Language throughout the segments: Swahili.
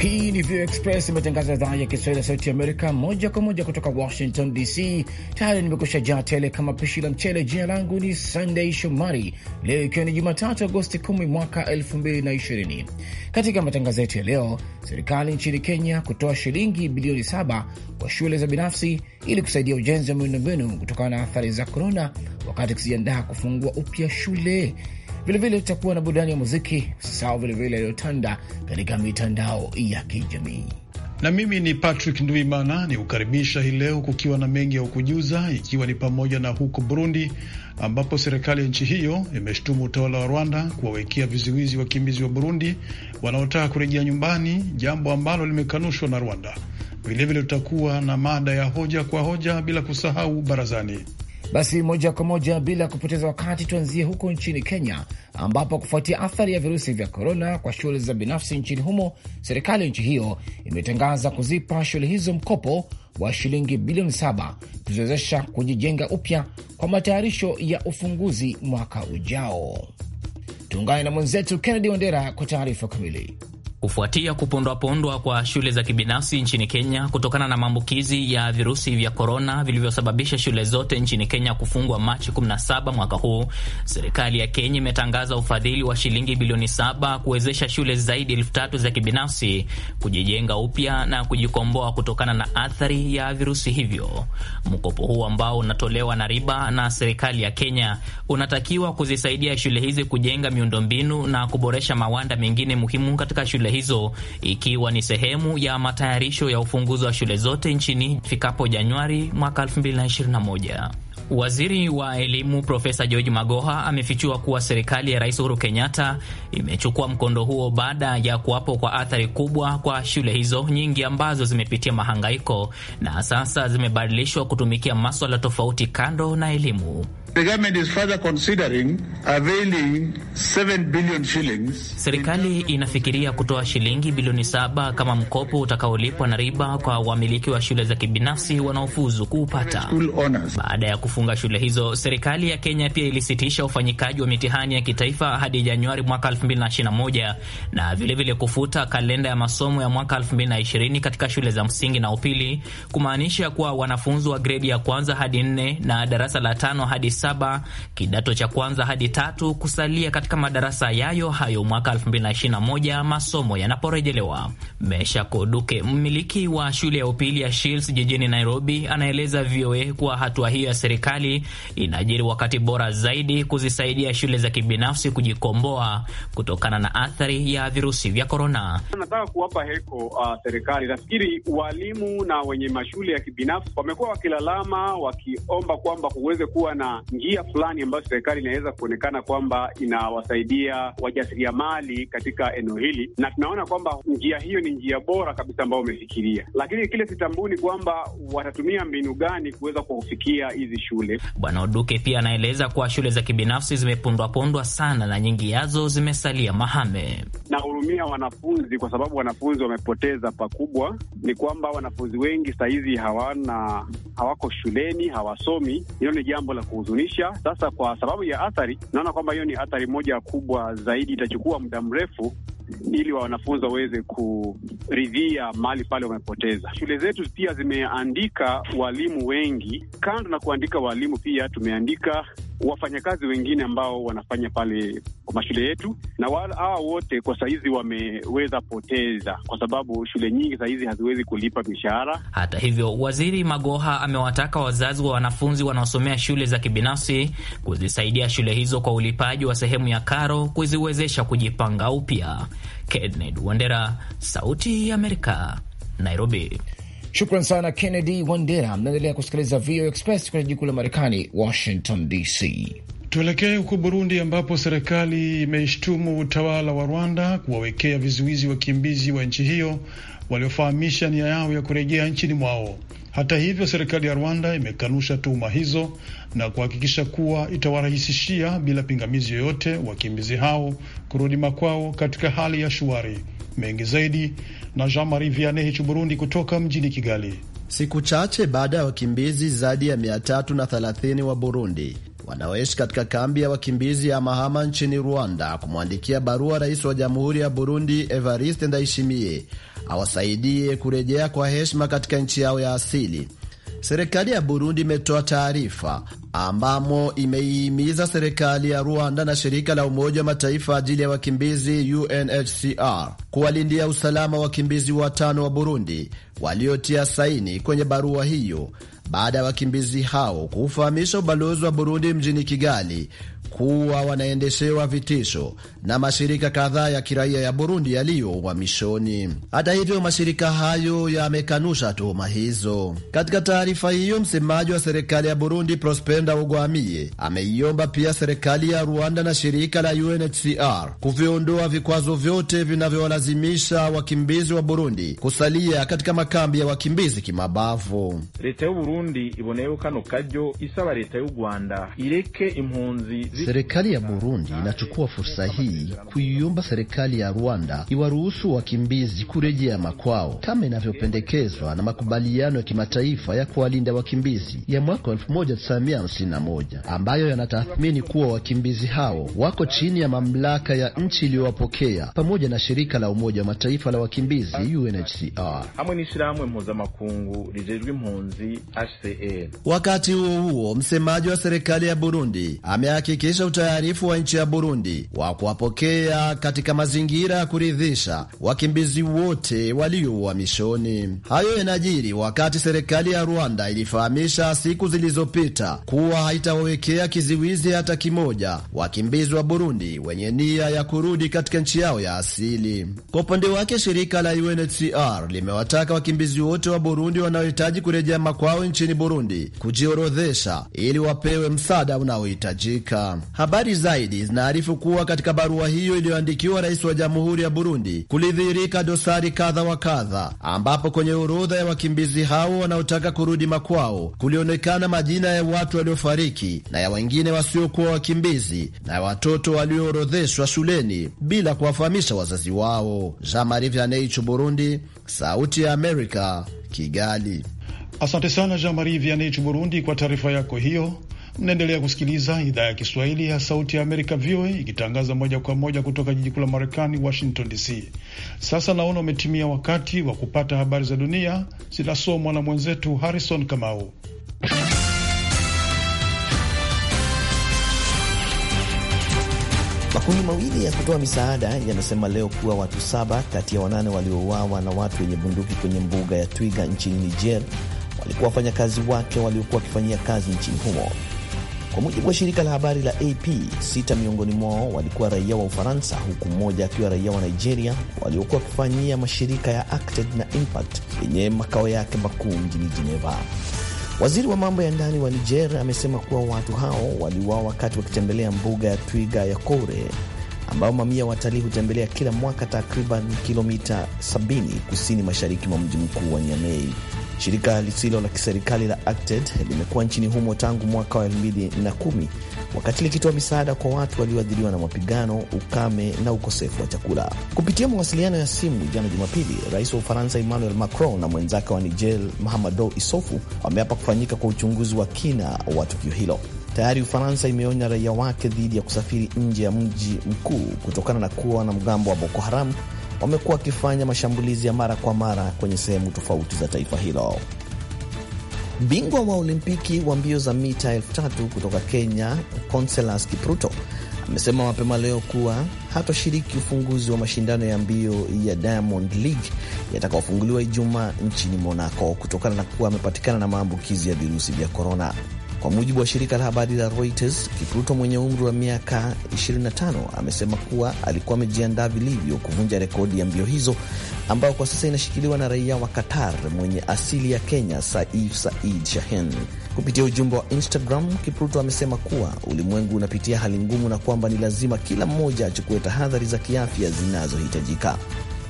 Hii ni voa Express, imetangaza idhaa ya Kiswahili ya Sauti Amerika, moja kwa moja kutoka Washington DC. Tayari nimekusha jaa tele kama pishi la mchele. Jina langu ni Sunday Shomari, leo ikiwa ni Jumatatu Agosti 10 mwaka 2020. Katika matangazo yetu ya leo, serikali nchini Kenya kutoa shilingi bilioni 7 kwa shule za binafsi ili kusaidia ujenzi wa miundombinu kutokana na athari za korona, wakati kuziandaa kufungua upya shule Vilevile tutakuwa na burudani ya muziki sawa, vilevile yaliyotanda katika mitandao ya kijamii na mimi ni Patrick Nduimana ni kukaribisha hii leo, kukiwa na mengi ya kukujuza, ikiwa ni pamoja na huko Burundi ambapo serikali ya nchi hiyo imeshtumu utawala wa Rwanda kuwawekea vizuizi wakimbizi wa Burundi wanaotaka kurejea nyumbani, jambo ambalo limekanushwa na Rwanda. Vilevile tutakuwa na mada ya hoja kwa hoja, bila kusahau barazani. Basi moja kwa moja bila kupoteza wakati, tuanzie huko nchini Kenya, ambapo kufuatia athari ya virusi vya korona kwa shule za binafsi nchini humo, serikali ya nchi hiyo imetangaza kuzipa shule hizo mkopo wa shilingi bilioni saba kuziwezesha kujijenga upya kwa matayarisho ya ufunguzi mwaka ujao. Tuungane na mwenzetu Kennedy Wandera kwa taarifa kamili. Kufuatia kupondwapondwa kwa shule za kibinafsi nchini Kenya kutokana na maambukizi ya virusi vya korona vilivyosababisha shule zote nchini Kenya kufungwa Machi 17 mwaka huu, serikali ya Kenya imetangaza ufadhili wa shilingi bilioni saba kuwezesha shule zaidi elfu tatu za kibinafsi kujijenga upya na kujikomboa kutokana na athari ya virusi hivyo. Mkopo huu ambao unatolewa na riba na serikali ya Kenya unatakiwa kuzisaidia shule hizi kujenga miundombinu na kuboresha mawanda mengine muhimu katika shule shule hizo ikiwa ni sehemu ya matayarisho ya ufunguzi wa shule zote nchini ifikapo Januari mwaka 2021. Waziri wa elimu Profesa George Magoha amefichua kuwa serikali ya Rais Uhuru Kenyatta imechukua mkondo huo baada ya kuwapo kwa athari kubwa kwa shule hizo nyingi ambazo zimepitia mahangaiko na sasa zimebadilishwa kutumikia maswala tofauti kando na elimu. Serikali inafikiria kutoa shilingi bilioni saba kama mkopo utakaolipwa na riba kwa wamiliki wa shule za kibinafsi wanaofuzu kuupata baada ya kufu kufunga shule hizo. Serikali ya Kenya pia ilisitisha ufanyikaji wa mitihani ya kitaifa hadi Januari mwaka 2021 na vilevile vile kufuta kalenda ya masomo ya mwaka 2020 katika shule za msingi na upili, kumaanisha kuwa wanafunzi wa gredi ya kwanza hadi nne na darasa la tano hadi saba kidato cha kwanza hadi tatu kusalia katika madarasa yayo hayo mwaka 2021 masomo yanaporejelewa. Mesha Koduke, mmiliki wa shule ya upili ya Shields jijini Nairobi, anaeleza VOA kuwa hatua hiyo ya serikali inajiri wakati bora zaidi kuzisaidia shule za kibinafsi kujikomboa kutokana na athari ya virusi vya korona. Nataka kuwapa heko uh, serikali. Nafikiri walimu na wenye mashule ya kibinafsi wamekuwa wakilalama, wakiomba kwamba kuweze kuwa na njia fulani ambayo serikali inaweza kuonekana kwamba inawasaidia wajasiriamali katika eneo hili, na tunaona kwamba njia hiyo ni njia bora kabisa ambayo wamefikiria, lakini kile sitambuni kwamba watatumia mbinu gani kuweza kuwafikia hizi shule. Bwana Oduke pia anaeleza kuwa shule za kibinafsi zimepondwapondwa sana na nyingi yazo zimesalia mahame. Nahurumia wanafunzi kwa sababu wanafunzi wamepoteza pakubwa. Ni kwamba wanafunzi wengi sahizi hawana hawako shuleni, hawasomi. Hilo ni jambo la kuhuzunisha. Sasa kwa sababu ya athari, naona kwamba hiyo ni athari moja kubwa zaidi, itachukua muda mrefu ili wanafunzi waweze kuridhia mali pale wamepoteza. Shule zetu pia zimeandika walimu wengi. Kando na kuandika walimu, pia tumeandika wafanyakazi wengine ambao wanafanya pale kwa mashule yetu, na hawa wote kwa saizi wameweza poteza, kwa sababu shule nyingi sahizi haziwezi kulipa mishahara. Hata hivyo, Waziri Magoha amewataka wazazi wa wanafunzi wanaosomea shule za kibinafsi kuzisaidia shule hizo kwa ulipaji wa sehemu ya karo kuziwezesha kujipanga upya. Kenneth Wandera, Sauti ya Amerika, Nairobi. Shukran sana Kennedy Wandera. Mnaendelea kusikiliza VOA Express kwenye jikuu la Marekani, Washington DC. Tuelekee huko Burundi, ambapo serikali imeshtumu utawala wa Rwanda kuwawekea vizuizi wakimbizi wa nchi hiyo waliofahamisha nia yao ya kurejea nchini mwao. Hata hivyo, serikali ya Rwanda imekanusha tuhuma hizo na kuhakikisha kuwa itawarahisishia bila pingamizi yoyote wakimbizi hao kurudi makwao katika hali ya shwari. Mengi zaidi na Jean Marie Vianney Hichu, Burundi, kutoka mjini Kigali. Siku chache baada ya wakimbizi zaidi ya 330 wa Burundi wanaoishi katika kambi ya wakimbizi ya Mahama nchini Rwanda kumwandikia barua rais wa jamhuri ya Burundi Evariste Ndayishimiye awasaidie kurejea kwa heshima katika nchi yao ya asili. Serikali ya Burundi imetoa taarifa ambamo imeihimiza serikali ya Rwanda na shirika la Umoja wa Mataifa ajili ya wakimbizi UNHCR kuwalindia usalama wakimbizi watano wa Burundi waliotia saini kwenye barua hiyo baada ya wakimbizi hao kuufahamisha ubalozi wa Burundi mjini Kigali kuwa wanaendeshewa vitisho na mashirika kadhaa ya kiraia ya Burundi yaliyo uhamishoni. Hata hivyo, mashirika hayo yamekanusha tuhuma hizo. Katika taarifa hiyo, msemaji wa serikali ya Burundi Prospenda Ugwamiye ameiomba pia serikali ya Rwanda na shirika la UNHCR kuviondoa vikwazo vyote vinavyowalazimisha wakimbizi wa Burundi kusalia katika makambi ya wakimbizi kimabavu. Leta y'Uburundi iboneye kano kajo isaba leta y'Urwanda ireke impunzi Serikali ya Burundi inachukua fursa hii kuiomba serikali ya Rwanda iwaruhusu wakimbizi kurejea makwao kama inavyopendekezwa na makubaliano ya kimataifa ya kuwalinda wakimbizi ya mwaka 1951 ambayo yanatathmini kuwa wakimbizi hao wako chini ya mamlaka ya nchi iliyowapokea pamoja na shirika la Umoja wa Mataifa la wakimbizi UNHCR hamwe impunzi HCR. Wakati huo huo, msemaji wa serikali ya Burundi amehakikisha kuhakikisha utayarifu wa nchi ya Burundi wa kuwapokea katika mazingira ya kuridhisha wakimbizi wote walio uhamishoni. Hayo yanajiri wakati serikali ya Rwanda ilifahamisha siku zilizopita kuwa haitawawekea kiziwizi hata kimoja wakimbizi wa Burundi wenye nia ya kurudi katika nchi yao ya asili. Kwa upande wake, shirika la UNHCR limewataka wakimbizi wote wa Burundi wanaohitaji kurejea makwao nchini Burundi kujiorodhesha ili wapewe msaada unaohitajika. Habari zaidi zinaarifu kuwa katika barua hiyo iliyoandikiwa rais wa jamhuri ya Burundi kulidhihirika dosari kadha wa kadha, ambapo kwenye orodha ya wakimbizi hao wanaotaka kurudi makwao kulionekana majina ya watu waliofariki na ya wengine wasiokuwa wakimbizi na ya watoto walioorodheshwa shuleni bila kuwafahamisha wazazi wao. Burundi, Sauti ya Amerika, Kigali. Asante sana Jean Marie Vianney Burundi kwa taarifa yako hiyo. Mnaendelea kusikiliza idhaa ya Kiswahili ya Sauti ya Amerika, VOA, ikitangaza moja kwa moja kutoka jiji kuu la Marekani, Washington DC. Sasa naona umetimia wakati wa kupata habari za dunia, zinasomwa na mwenzetu Harrison Kamau. Makundi mawili ya kutoa misaada yanasema leo kuwa watu saba kati ya wanane waliouawa na watu wenye bunduki kwenye mbuga ya twiga nchini Niger walikuwa wafanyakazi wake waliokuwa wakifanyia kazi nchini humo. Kwa mujibu wa shirika la habari la AP, sita miongoni mwao walikuwa raia wa Ufaransa, huku mmoja akiwa raia wa Nigeria, waliokuwa wakifanyia mashirika ya Acted na Impact yenye makao yake makuu mjini Geneva. Waziri wa mambo ya ndani wa Niger amesema kuwa watu hao waliuawa wakati wakitembelea mbuga ya twiga ya Koure ambao mamia watalii hutembelea kila mwaka takriban kilomita 70 kusini mashariki mwa mji mkuu wa Niamey. Shirika lisilo la kiserikali la Acted limekuwa nchini humo tangu mwaka wa 2010 wakati likitoa misaada kwa watu walioathiriwa na mapigano, ukame na ukosefu wa chakula. Kupitia mawasiliano ya simu jana Jumapili, rais wa Ufaransa Emmanuel Macron na mwenzake wa Niger Mahamadou Issoufou wameapa kufanyika kwa uchunguzi wa kina wa tukio hilo. Tayari Ufaransa imeonya raia wake dhidi ya kusafiri nje ya mji mkuu kutokana na kuwa wanamgambo wa Boko Haram wamekuwa wakifanya mashambulizi ya mara kwa mara kwenye sehemu tofauti za taifa hilo. Bingwa wa Olimpiki wa mbio za mita elfu tatu kutoka Kenya, Conselas Kipruto amesema mapema leo kuwa hatoshiriki ufunguzi wa mashindano ya mbio ya Diamond League yatakaofunguliwa Ijumaa nchini Monaco kutokana na kuwa amepatikana na maambukizi ya virusi vya korona. Kwa mujibu wa shirika la habari la Reuters, Kipruto mwenye umri wa miaka 25 amesema kuwa alikuwa amejiandaa vilivyo kuvunja rekodi ya mbio hizo ambayo kwa sasa inashikiliwa na raia wa Qatar mwenye asili ya Kenya, Saif Said Shahen. Kupitia ujumbe wa Instagram, Kipruto amesema kuwa ulimwengu unapitia hali ngumu na kwamba ni lazima kila mmoja achukue tahadhari za kiafya zinazohitajika.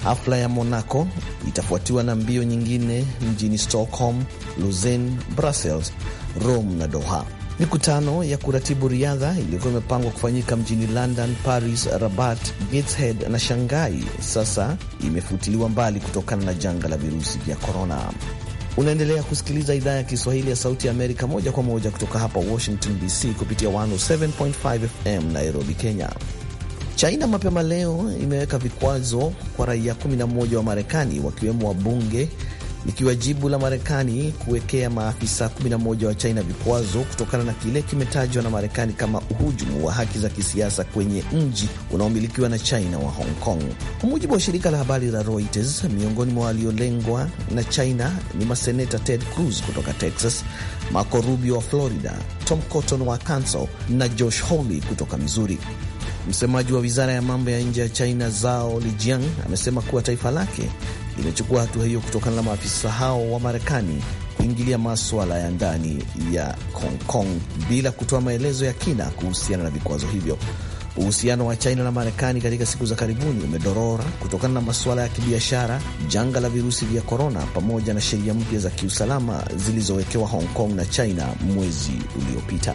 Hafla ya Monaco itafuatiwa na mbio nyingine mjini Stockholm, Lausanne, Brussels, Rome na Doha. Mikutano ya kuratibu riadha iliyokuwa imepangwa kufanyika mjini London, Paris, Rabat, Gateshead na Shanghai sasa imefutiliwa mbali kutokana na janga la virusi vya korona. Unaendelea kusikiliza idhaa ya Kiswahili ya Sauti ya Amerika moja kwa moja kutoka hapa Washington DC kupitia 107.5 FM Nairobi, Kenya. China mapema leo imeweka vikwazo kwa raia 11 wa Marekani wakiwemo wabunge ikiwa jibu la Marekani kuwekea maafisa 11 wa China vikwazo kutokana na kile kimetajwa na Marekani kama uhujumu wa haki za kisiasa kwenye mji unaomilikiwa na China wa Hong Kong. Kwa mujibu wa shirika la habari la Reuters, miongoni mwa waliolengwa na China ni maseneta Ted Cruz kutoka Texas, Marco Rubio wa Florida, Tom Cotton wa Arkansas na Josh Hawley kutoka Missouri. Msemaji wa wizara ya mambo ya nje ya China Zhao Lijiang amesema kuwa taifa lake imechukua hatua hiyo kutokana na maafisa hao wa Marekani kuingilia maswala ya ndani ya Hong Kong bila kutoa maelezo ya kina kuhusiana na vikwazo hivyo. Uhusiano wa China na Marekani katika siku za karibuni umedorora kutokana na masuala ya kibiashara, janga la virusi vya korona, pamoja na sheria mpya za kiusalama zilizowekewa Hong Kong na China mwezi uliopita.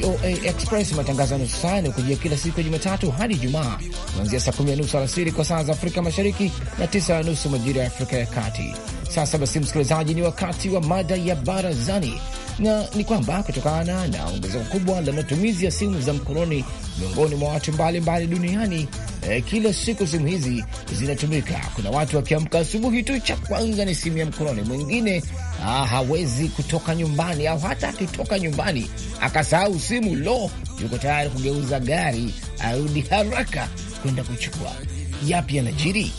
VOA Express, matangazo ya nusu saa yanayokujia kila siku ya Jumatatu hadi Ijumaa, kuanzia saa kumi na nusu alasiri kwa saa za Afrika Mashariki na tisa na nusu majira ya Afrika ya Kati. Sasa basi, msikilizaji, ni wakati wa mada ya barazani, na ni kwamba kutokana na ongezeko kubwa la matumizi ya simu za mkononi miongoni mwa watu mbalimbali duniani, eh, kila siku simu hizi zinatumika. Kuna watu wakiamka asubuhi tu, cha kwanza ni simu ya mkononi, mwingine ah, hawezi kutoka nyumbani au hata akitoka nyumbani akasahau simu, lo, yuko tayari kugeuza gari arudi haraka kwenda kuchukua. Yapi yanajiri?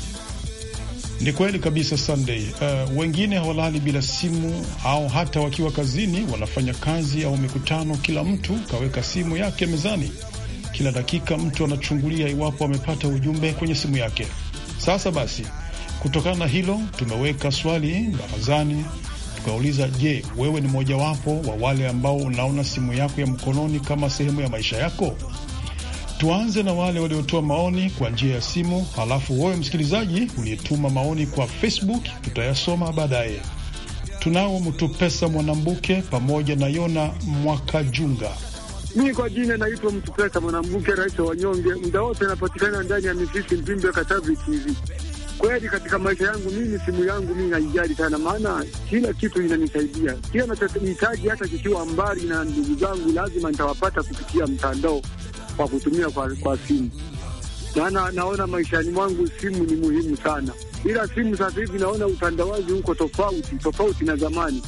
Ni kweli kabisa Sunday. Uh, wengine hawalali bila simu, au hata wakiwa kazini wanafanya kazi au mikutano, kila mtu kaweka simu yake mezani. Kila dakika mtu anachungulia iwapo amepata ujumbe kwenye simu yake. Sasa basi, kutokana na hilo tumeweka swali barazani tukauliza, je, wewe ni mojawapo wa wale ambao unaona simu yako ya mkononi kama sehemu ya maisha yako? Tuanze na wale waliotoa maoni kwa njia ya simu, halafu wewe msikilizaji uliyetuma maoni kwa Facebook tutayasoma baadaye. Tunao Mtupesa Mwanambuke pamoja na Yona Mwakajunga. Mimi kwa jina naitwa Mtupesa Mwanambuke, rais wa wanyonge, muda wote anapatikana ndani ya Misisi Mpimbe, Katavi TV kweli katika maisha yangu mimi simu yangu mimi naijali sana, maana kila kitu inanisaidia. Kila nachohitaji hata kikiwa mbali na ndugu zangu, lazima nitawapata kupitia mtandao kwa kutumia kwa, kwa simu. Maana naona maishani mwangu simu ni muhimu sana, ila simu sasa hivi naona utandawazi huko tofauti tofauti na zamani.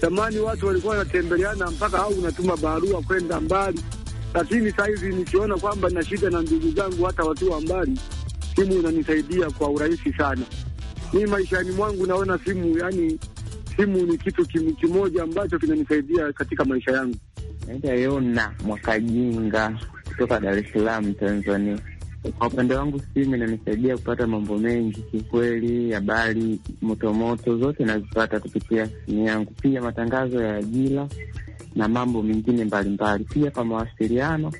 Zamani watu walikuwa wanatembeleana mpaka au unatuma barua kwenda mbali, lakini sahizi nikiona kwamba na shida na ndugu zangu hata wakiwa mbali simu inanisaidia kwa urahisi sana. Mi maishani mwangu naona simu, yani simu ni kitu kim, kimoja ambacho kinanisaidia katika maisha yangu. Naitwa Yona Mwakajinga kutoka Dar es Salaam, Tanzania. Kwa upande wangu simu inanisaidia kupata mambo mengi kiukweli, habari motomoto zote nazipata kupitia simu yangu, pia matangazo ya ajira na mambo mengine mbalimbali, pia kwa mawasiliano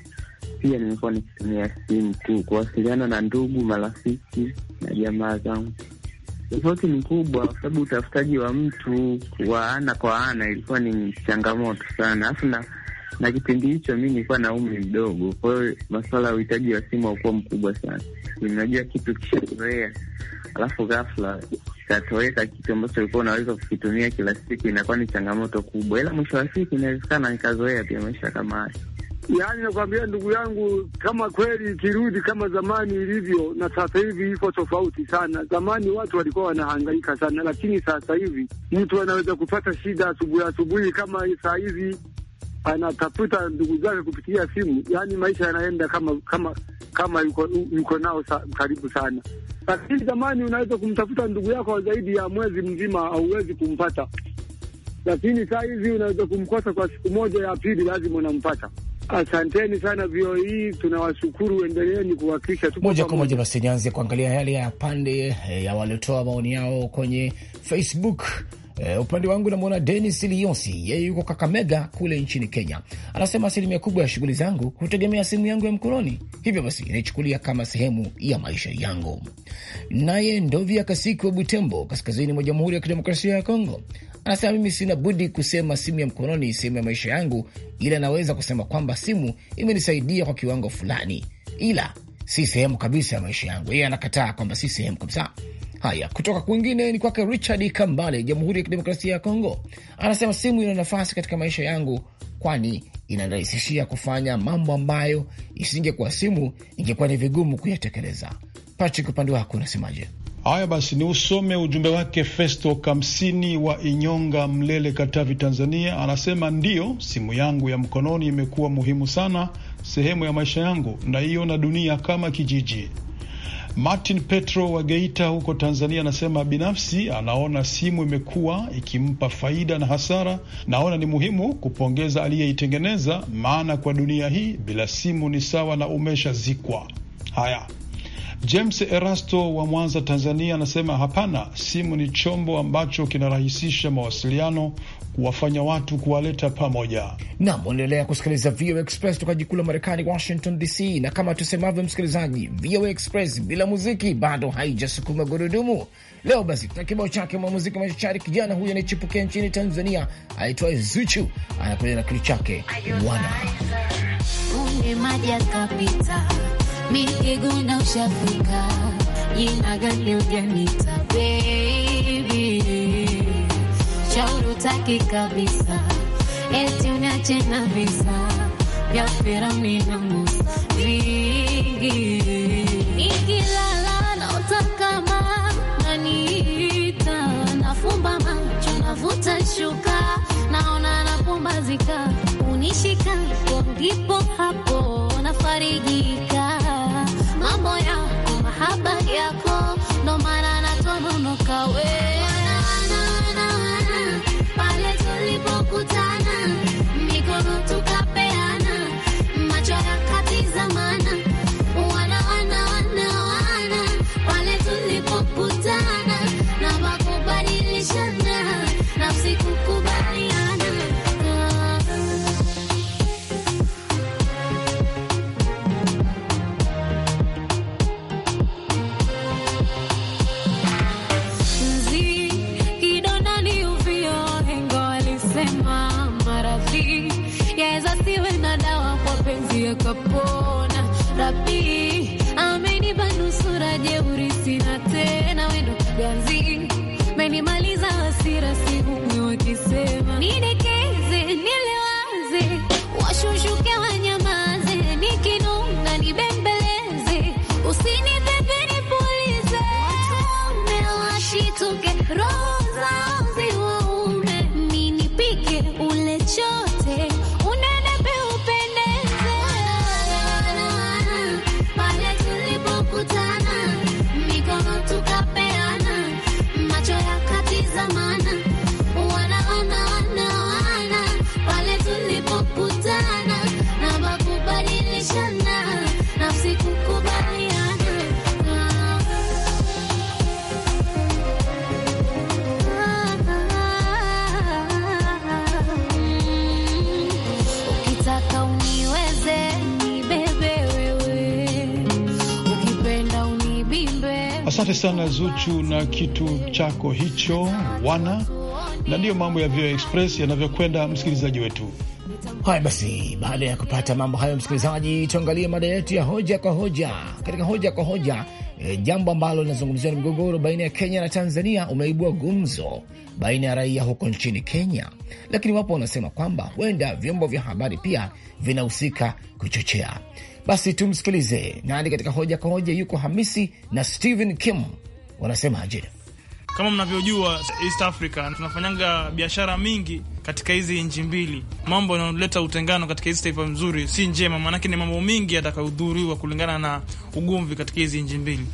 pia nimekuwa nikitumia simu tu kuwasiliana na ndugu, marafiki na jamaa zangu. Tofauti ni kubwa, kwa sababu utafutaji wa mtu wa ana kwa ana ilikuwa ni changamoto sana, alafu na na kipindi hicho mi nilikuwa na umri mdogo, kwa hiyo masuala ya uhitaji wa simu haukuwa mkubwa sana. Unajua kitu kishazoea, alafu ghafla ikatoweka kitu ambacho ulikuwa unaweza kukitumia kila siku, inakuwa ni changamoto kubwa, ila mwisho wa siku inawezekana nikazoea pia maisha kama hayo. Yaani nakwambia ndugu yangu, kama kweli kirudi kama zamani ilivyo, na sasa hivi iko tofauti sana. Zamani watu walikuwa wanahangaika sana, lakini sasa hivi mtu anaweza kupata shida asubuhi asubuhi kama saa hizi anatafuta ndugu zake kupitia simu. Yaani maisha yanaenda kama kama kama yuko, yuko nao sa, karibu sana, lakini zamani unaweza kumtafuta ndugu yako zaidi ya mwezi mzima, hauwezi kumpata, lakini saa hizi unaweza kumkosa kwa siku moja ya pili, lazima unampata. Asanteni sana vio hii, e, tunawashukuru, endeleeni tu Moja kwa moja basi nianze kuangalia yale ya pande eh, ya waliotoa maoni yao kwenye Facebook. Uh, upande wangu namwona Denis Iliosi, yeye yuko Kakamega kule nchini Kenya. Anasema asilimia kubwa ya shughuli zangu hutegemea simu yangu ya mkononi, hivyo basi inaichukulia kama sehemu ya maisha yangu. Naye Ndovya Kasiki wa Butembo, kaskazini mwa Jamhuri ya Kidemokrasia ya Kongo, Anasema mimi sina budi kusema simu ya mkononi sehemu ya maisha yangu, ila naweza kusema kwamba simu imenisaidia kwa kiwango fulani, ila si sehemu kabisa ya maisha yangu. Yeye anakataa kwamba si sehemu kabisa. Haya, kutoka kwingine ni kwake Richard Kambale, Jamhuri ya Kidemokrasia ya Kongo. Anasema simu ina nafasi katika maisha yangu, kwani inarahisishia kufanya mambo ambayo isingekuwa simu ingekuwa ni vigumu kuyatekeleza. Patrick, upande wako unasemaje? Haya basi, ni usome ujumbe wake. Festo Kamsini wa Inyonga, Mlele, Katavi, Tanzania, anasema ndiyo, simu yangu ya mkononi imekuwa muhimu sana, sehemu ya maisha yangu, naiona dunia kama kijiji. Martin Petro wa Geita huko Tanzania anasema binafsi anaona simu imekuwa ikimpa faida na hasara. Naona ni muhimu kupongeza aliyeitengeneza, maana kwa dunia hii bila simu ni sawa na umeshazikwa. Haya, James Erasto wa Mwanza, Tanzania, anasema hapana, simu ni chombo ambacho kinarahisisha mawasiliano, kuwafanya watu kuwaleta pamoja. Nam unaendelea kusikiliza VOA Express toka jikuu la Marekani, Washington DC, na kama tusemavyo, msikilizaji, VOA Express bila muziki bado haijasukuma gurudumu. Leo basi tuna kibao chake mwa muziki machachari. Kijana huyo anayechipukia nchini Tanzania aitwaye Zuchu anakuja na kitu chake wana Mikiguna ushafika jina gani kabisa eti visa vya Firauni na Musa vingi de Eurice. Asante sana Zuchu na kitu chako hicho wana, na ndiyo mambo ya VOA Express yanavyokwenda, msikilizaji wetu. Haya basi, baada ya kupata mambo hayo, msikilizaji, tuangalie mada yetu ya hoja kwa hoja. Katika hoja kwa hoja e, jambo ambalo linazungumziwa ni mgogoro baina ya Kenya na Tanzania umeibua gumzo baina ya raia huko nchini Kenya, lakini wapo wanasema kwamba huenda vyombo vya habari pia vinahusika kuchochea basi tumsikilize nani katika hoja kwa hoja. Yuko Hamisi na Stephen Kim, wanasemaje? Kama mnavyojua East Africa tunafanyanga biashara mingi katika hizi nchi mbili. Mambo yanaoleta utengano katika hizi taifa mzuri si njema, maanake ni mambo mingi yatakayodhuriwa kulingana na ugomvi katika hizi nchi mbili.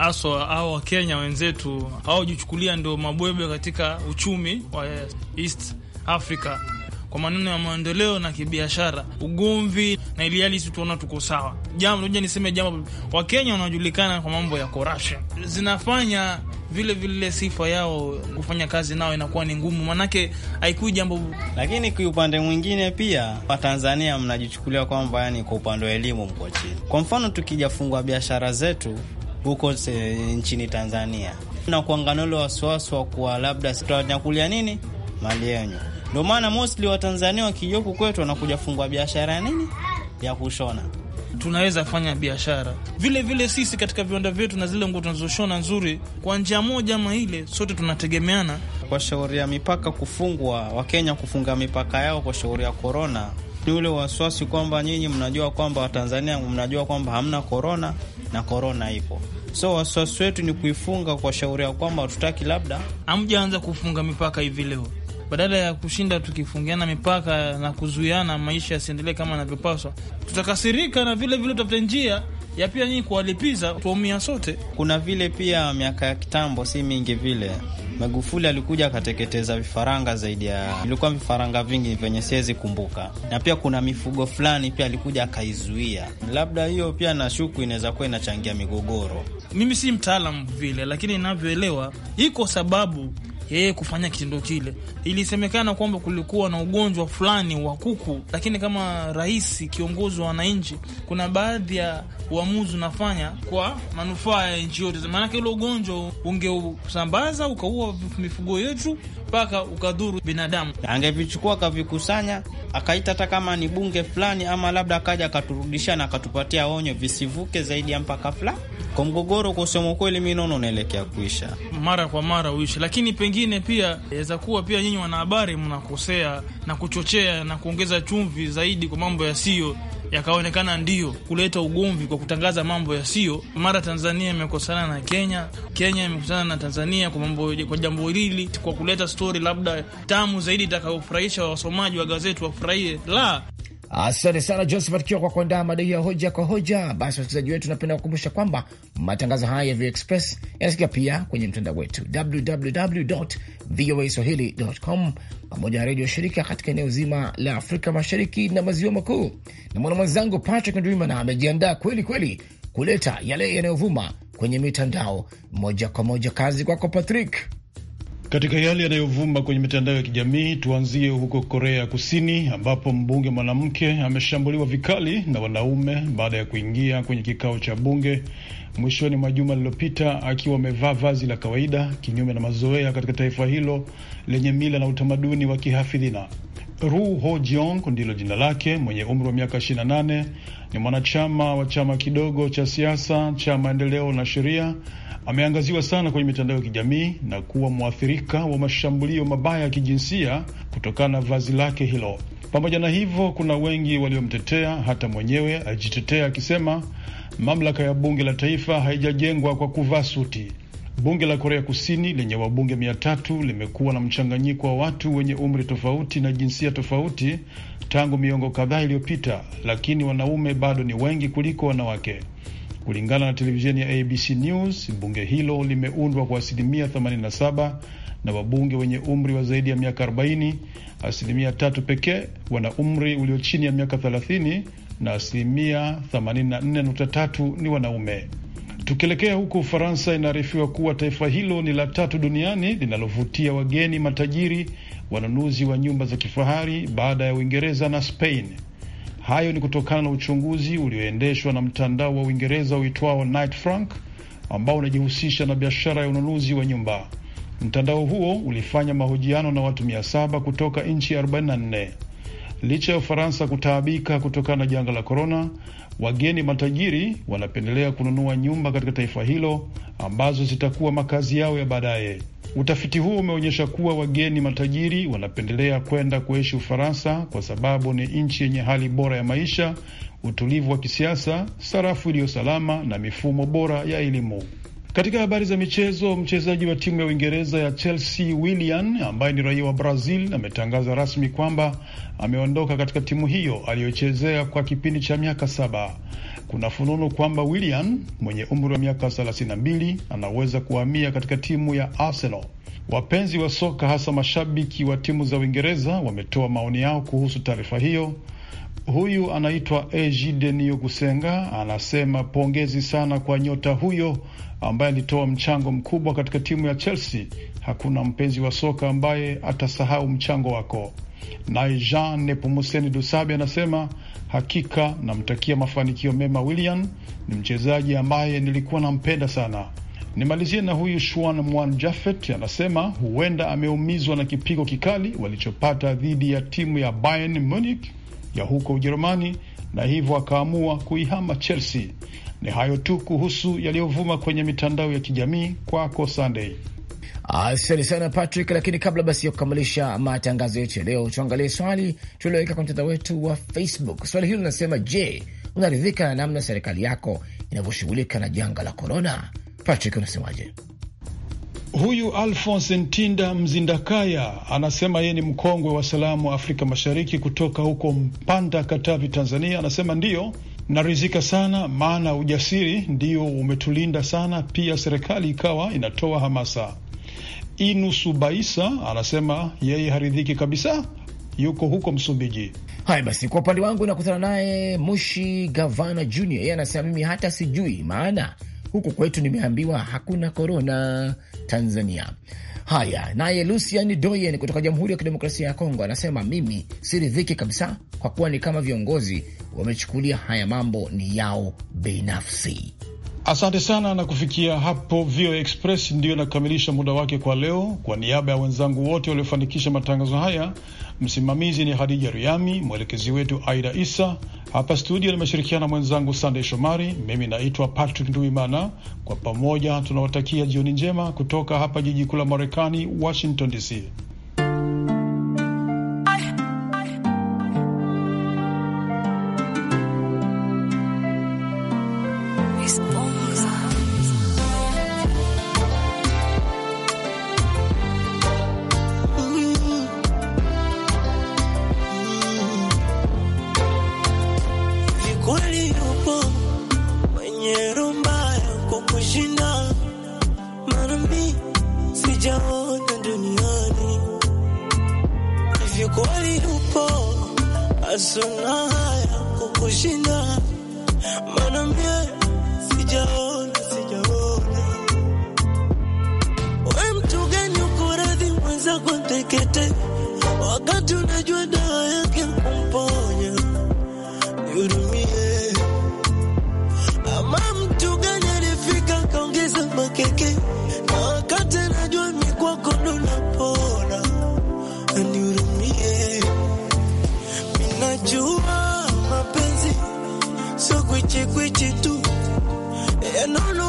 Haswa Au Wakenya wenzetu hawajichukulia ndio mabwebwe katika uchumi wa East Africa kwa maneno ya maendeleo na kibiashara, ugomvi na ili hali sisi tuona tuko sawa. Jambo moja niseme jambo, Wakenya wanajulikana kwa mambo ya corruption, zinafanya vile vile sifa yao kufanya kazi nao inakuwa ni ngumu, manake haikui jambo. Lakini kwa upande mwingine pia Watanzania mnajichukulia kwamba yani, kwa upande wa elimu mko chini. Kwa mfano tukijafungua biashara zetu huko nchini Tanzania na kuangana kuanganole wasiwasi wa kuwa labda sitanyakulia nini mali yenyu ndio maana mostly Watanzania wakija kwetu wanakuja fungua biashara ya nini, ya kushona. Tunaweza fanya biashara vile vile sisi katika viwanda vyetu na zile nguo tunazoshona nzuri, kwa njia moja ama ile, sote tunategemeana. Kwa shauri ya mipaka kufungwa, Wakenya kufunga mipaka yao kwa shauri ya korona, ni ule wasiwasi kwamba nyinyi mnajua kwamba Watanzania mnajua kwamba hamna korona na korona ipo so wasiwasi wetu ni kuifunga kwa shauri ya kwamba hatutaki labda. Hamjaanza kufunga mipaka hivi leo badala ya kushinda tukifungiana mipaka na kuzuiana, maisha yasiendelee kama yanavyopaswa, tutakasirika na vile vile tutafuta njia ya pia nyinyi kuwalipiza, tuaumia sote. Kuna vile pia miaka ya kitambo si mingi vile Magufuli alikuja akateketeza vifaranga zaidi ya ilikuwa vifaranga vingi vyenye siwezi kumbuka, na pia kuna mifugo fulani pia alikuja akaizuia. Labda hiyo pia shuku inaweza kuwa inachangia migogoro. Mimi si mtaalamu vile, lakini inavyoelewa iko sababu yeye kufanya kitendo kile. Ilisemekana kwamba kulikuwa na ugonjwa fulani wa kuku, lakini kama rais, kiongozi wa wananchi, kuna baadhi ya uamuzi unafanya kwa manufaa ya nchi yote, maanake ule ugonjwa ungeusambaza ukaua mifugo yetu mpaka ukadhuru binadamu. Angevichukua akavikusanya, akaita hata kama ni bunge fulani, ama labda akaja akaturudisha na akatupatia onyo visivuke zaidi ya mpaka fulani kwa mgogoro, kwa usema kweli, mi naona unaelekea kuisha mara kwa mara uishi lakini pengine pia yaweza kuwa pia nyinyi wanahabari mnakosea na kuchochea na kuongeza chumvi zaidi kwa mambo yasiyo yakaonekana ndiyo kuleta ugomvi kwa kutangaza mambo yasiyo. Mara Tanzania imekosana na Kenya, Kenya imekosana na Tanzania kwa mambo, kwa jambo hili, kwa kuleta stori labda tamu zaidi itakayofurahisha wasomaji wa gazeti wafurahie. La, Asante sana Josephat kio kwa kuandaa mada hii ya hoja kwa hoja. Basi wasikilizaji wetu, napenda kukumbusha kwamba matangazo haya ya VOA Express yanasikia pia kwenye mtandao wetu www voa swahili.com, pamoja na redio shirika katika eneo zima la Afrika Mashariki na Maziwa Makuu. Na mwana mwenzangu Patrick Ndwimana amejiandaa kweli kweli kuleta yale yanayovuma kwenye mitandao moja kwa moja. Kazi kwako Patrick. Katika yale yanayovuma kwenye mitandao ya kijamii, tuanzie huko Korea ya Kusini ambapo mbunge mwanamke ameshambuliwa vikali na wanaume baada ya kuingia kwenye kikao cha bunge mwishoni mwa juma lililopita akiwa amevaa vazi la kawaida, kinyume na mazoea katika taifa hilo lenye mila na utamaduni wa kihafidhina. Ru Ho Jiong ndilo jina lake, mwenye umri wa miaka 28, ni mwanachama wa chama kidogo cha siasa cha maendeleo na sheria ameangaziwa sana kwenye mitandao ya kijamii na kuwa mwathirika wa mashambulio mabaya ya kijinsia kutokana na vazi lake hilo. Pamoja na hivyo, kuna wengi waliomtetea, hata mwenyewe alijitetea akisema mamlaka ya bunge la taifa haijajengwa kwa kuvaa suti. Bunge la Korea Kusini lenye wabunge mia tatu limekuwa na mchanganyiko wa watu wenye umri tofauti na jinsia tofauti tangu miongo kadhaa iliyopita, lakini wanaume bado ni wengi kuliko wanawake. Kulingana na televisheni ya ABC News, bunge hilo limeundwa kwa asilimia 87 na wabunge wenye umri wa zaidi ya miaka 40. Asilimia tatu pekee wana umri ulio chini ya miaka 30 na asilimia 84.3 ni wanaume. Tukielekea huko, Ufaransa inaarifiwa kuwa taifa hilo ni la tatu duniani linalovutia wageni matajiri, wanunuzi wa nyumba za kifahari baada ya Uingereza na Spain. Hayo ni kutokana na uchunguzi ulioendeshwa na mtandao wa Uingereza uitwao Knight Frank ambao unajihusisha na biashara ya ununuzi wa nyumba. Mtandao huo ulifanya mahojiano na watu 7 kutoka nchi 44. Licha ya Ufaransa kutaabika kutokana na janga la korona, Wageni matajiri wanapendelea kununua nyumba katika taifa hilo ambazo zitakuwa makazi yao ya baadaye. Utafiti huu umeonyesha kuwa wageni matajiri wanapendelea kwenda kuishi Ufaransa kwa sababu ni nchi yenye hali bora ya maisha, utulivu wa kisiasa, sarafu iliyo salama na mifumo bora ya elimu. Katika habari za michezo, mchezaji wa timu ya Uingereza ya Chelsea Willian ambaye ni raia wa Brazil ametangaza rasmi kwamba ameondoka katika timu hiyo aliyochezea kwa kipindi cha miaka saba. Kuna fununu kwamba Willian mwenye umri wa miaka 32 anaweza kuhamia katika timu ya Arsenal. Wapenzi wa soka hasa mashabiki wa timu za Uingereza wametoa maoni yao kuhusu taarifa hiyo Huyu anaitwa Egide Niyogusenga, anasema pongezi sana kwa nyota huyo ambaye alitoa mchango mkubwa katika timu ya Chelsea. Hakuna mpenzi wa soka ambaye atasahau mchango wako. Naye Jean Nepomuseni Dusabe anasema hakika namtakia mafanikio mema. William ni mchezaji ambaye nilikuwa nampenda sana. Nimalizie na huyu Shuan Mwan Jafet anasema huenda ameumizwa na kipigo kikali walichopata dhidi ya timu ya Bayern Munich ya huko Ujerumani na hivyo akaamua kuihama Chelsea. Ni hayo tu kuhusu yaliyovuma kwenye mitandao ya kijamii. Kwako Sunday. Asante sana Patrick, lakini kabla basi ya kukamilisha matangazo yetu ya leo, tuangalie swali tulioweka kwenye mtandao wetu wa Facebook. Swali hilo linasema, je, unaridhika na namna serikali yako inavyoshughulika na janga la korona? Patrick, unasemaje? Huyu Alphonse Ntinda Mzindakaya anasema yeye ni mkongwe wa salamu Afrika Mashariki, kutoka huko Mpanda, Katavi, Tanzania. Anasema ndiyo narizika sana, maana ujasiri ndio umetulinda sana, pia serikali ikawa inatoa hamasa. Inusubaisa anasema yeye haridhiki kabisa, yuko huko Msumbiji. Haya basi, kwa upande wangu nakutana naye Mushi Gavana Junior, yeye anasema mimi hata sijui maana huku kwetu nimeambiwa hakuna korona Tanzania. Haya, naye Lucian Doyen kutoka Jamhuri ya Kidemokrasia ya Kongo anasema mimi siridhiki kabisa, kwa kuwa ni kama viongozi wamechukulia haya mambo ni yao binafsi. Asante sana. Na kufikia hapo, VOA Express ndiyo inakamilisha muda wake kwa leo. Kwa niaba ya wenzangu wote waliofanikisha matangazo haya, msimamizi ni Hadija Riami, mwelekezi wetu Aida Isa. Hapa studio nimeshirikiana mwenzangu Sandey Shomari. Mimi naitwa Patrick Nduimana. Kwa pamoja tunawatakia jioni njema kutoka hapa jiji kuu la Marekani, Washington DC. hivyo kweli upo, asuna haya kukushinda, maana mie sijaona, sijaona we mtu gani ukuradhi mwenzako ntekete, wakati unajua dawa yake kumponya with eh, you